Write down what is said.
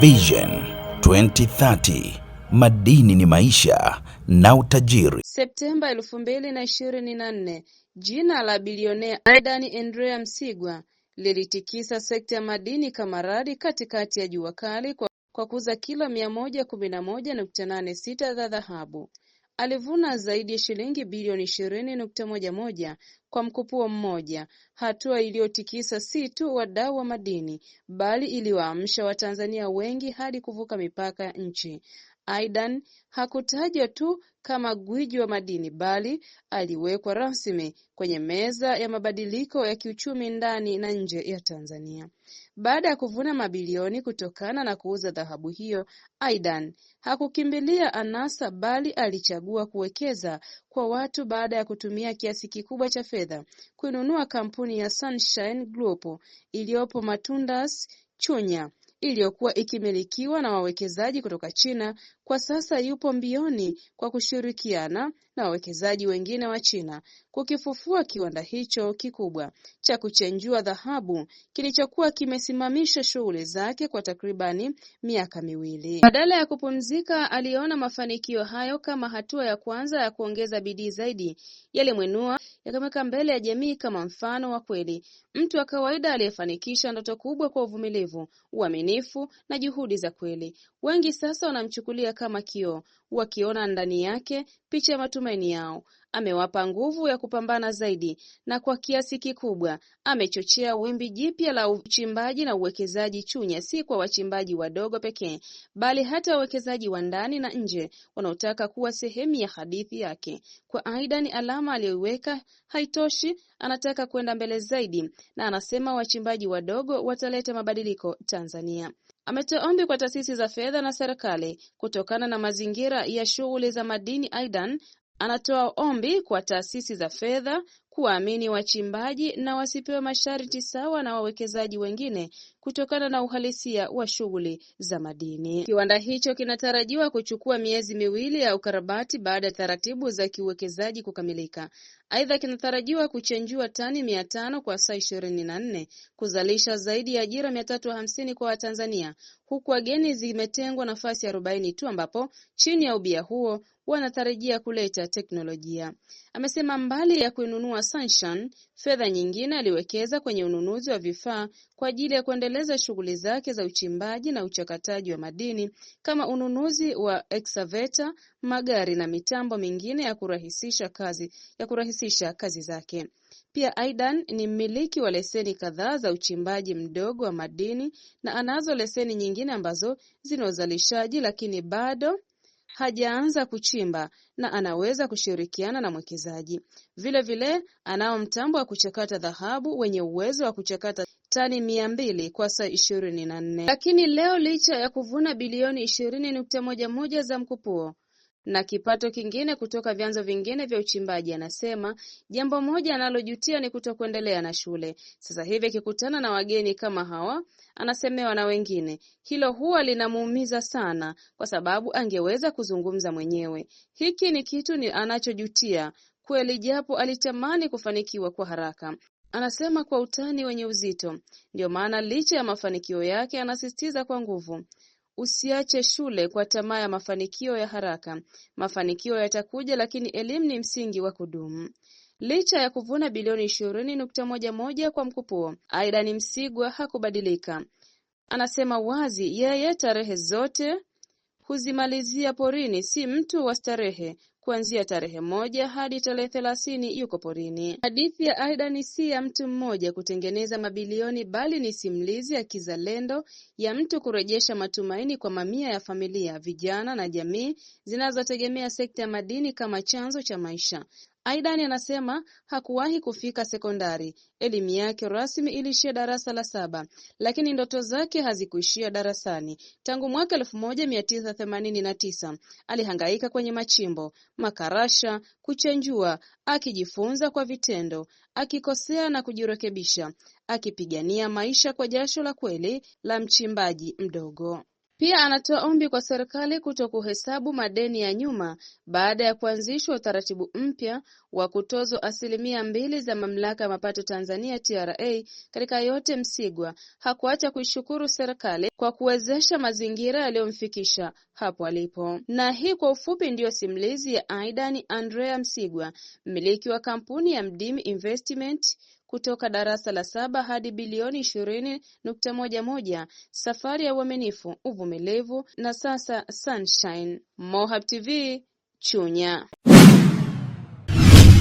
Vision 2030 madini ni maisha na utajiri. Septemba 2024, jina la bilionea Aidan Andrea Msigwa lilitikisa sekta ya madini kama radi katikati ya jua kali kwa kuuza kilo 111.86 za dhahabu alivuna zaidi ya shilingi bilioni ishirini nukta moja moja kwa mkupuo mmoja hatua iliyotikisa si tu wadau wa madini bali iliwaamsha Watanzania wengi hadi kuvuka mipaka ya nchi Aidan hakutajwa tu kama gwiji wa madini bali aliwekwa rasmi kwenye meza ya mabadiliko ya kiuchumi ndani na nje ya Tanzania. Baada ya kuvuna mabilioni kutokana na kuuza dhahabu hiyo, Aidan hakukimbilia anasa bali alichagua kuwekeza kwa watu baada ya kutumia kiasi kikubwa cha fedha kununua kampuni ya Sunshine Group iliyopo Matundas, Chunya iliyokuwa ikimilikiwa na wawekezaji kutoka China kwa sasa yupo mbioni kwa kushirikiana na wawekezaji wengine wa China kukifufua kiwanda hicho kikubwa cha kuchenjua dhahabu kilichokuwa kimesimamisha shughuli zake kwa takribani miaka miwili. Badala ya kupumzika, aliona mafanikio hayo kama hatua ya kwanza ya kuongeza bidii zaidi, Yalimwinua, yakamweka mbele ya jamii kama mfano wa kweli, mtu wa kawaida aliyefanikisha ndoto kubwa kwa uvumilivu, uaminifu na juhudi za kweli. Wengi sasa wanamchukulia kama kioo. wakiona ndani yake picha ya matumaini yao. Amewapa nguvu ya kupambana zaidi, na kwa kiasi kikubwa amechochea wimbi jipya la uchimbaji na uwekezaji Chunya, si kwa wachimbaji wadogo pekee, bali hata wawekezaji wa ndani na nje wanaotaka kuwa sehemu ya hadithi yake. Kwa Aidan, alama aliyoiweka haitoshi, anataka kwenda mbele zaidi, na anasema wachimbaji wadogo wataleta mabadiliko Tanzania. Ametoa ombi kwa taasisi za fedha na serikali kutokana na mazingira ya Shughuli za Madini aidan Anatoa ombi kwa taasisi za fedha kuwaamini wachimbaji na wasipewe masharti sawa na wawekezaji wengine kutokana na uhalisia wa shughuli za madini. Kiwanda hicho kinatarajiwa kuchukua miezi miwili ya ukarabati baada ya taratibu za kiuwekezaji kukamilika. Aidha, kinatarajiwa kuchenjua tani mia tano kwa saa ishirini na nne kuzalisha zaidi ya ajira mia tatu hamsini kwa Watanzania, huku wageni zimetengwa nafasi arobaini tu ambapo chini ya ubia huo wanatarajia kuleta teknolojia. Amesema mbali ya kuinunua Sunshine, fedha nyingine aliwekeza kwenye ununuzi wa vifaa kwa ajili ya kuendeleza shughuli zake za uchimbaji na uchakataji wa madini kama ununuzi wa excavator, magari na mitambo mingine ya kurahisisha kazi, ya kurahisisha kazi zake. Pia Aidan ni mmiliki wa leseni kadhaa za uchimbaji mdogo wa madini na anazo leseni nyingine ambazo zina uzalishaji lakini bado hajaanza kuchimba na anaweza kushirikiana na mwekezaji. Vilevile anao mtambo wa kuchakata dhahabu wenye uwezo wa kuchakata tani mia mbili kwa saa ishirini na nne. Lakini leo licha ya kuvuna bilioni ishirini nukta moja moja za mkupuo, na kipato kingine kutoka vyanzo vingine vya uchimbaji. Anasema jambo moja analojutia ni kutokuendelea na shule. Sasa hivi akikutana na wageni kama hawa, anasemewa na wengine. Hilo huwa linamuumiza sana, kwa sababu angeweza kuzungumza mwenyewe. Hiki ni kitu ni anachojutia kweli, japo alitamani kufanikiwa kwa haraka. Anasema kwa utani wenye uzito. Ndio maana licha ya mafanikio yake anasisitiza kwa nguvu, Usiache shule kwa tamaa ya mafanikio ya haraka. Mafanikio yatakuja lakini elimu ni msingi wa kudumu. Licha ya kuvuna bilioni ishirini nukta moja moja kwa mkupuo, Aidan Msigwa hakubadilika. Anasema wazi yeye tarehe zote huzimalizia porini, si mtu wa starehe, kuanzia tarehe moja hadi tarehe thelathini yuko porini. Hadithi ya aida ni si ya mtu mmoja kutengeneza mabilioni, bali ni simulizi ya kizalendo ya mtu kurejesha matumaini kwa mamia ya familia, vijana na jamii zinazotegemea sekta ya madini kama chanzo cha maisha. Aidani anasema hakuwahi kufika sekondari, elimu yake rasmi iliishia darasa la saba, lakini ndoto zake hazikuishia darasani. Tangu mwaka 1989 alihangaika kwenye machimbo, makarasha, kuchenjua, akijifunza kwa vitendo, akikosea na kujirekebisha, akipigania maisha kwa jasho la kweli la mchimbaji mdogo. Pia anatoa ombi kwa serikali kuto kuhesabu madeni ya nyuma baada ya kuanzishwa utaratibu mpya wa kutozwa asilimia mbili za Mamlaka ya Mapato Tanzania TRA. Katika yote, Msigwa hakuacha kuishukuru serikali kwa kuwezesha mazingira yaliyomfikisha hapo alipo. Na hii kwa ufupi ndiyo simulizi ya Aidan Andrea Msigwa, mmiliki wa kampuni ya Mdimi Investment kutoka darasa la saba hadi bilioni ishirini nukta moja moja safari ya uaminifu, uvumilivu na sasa sunshine. Mohab TV Chunya.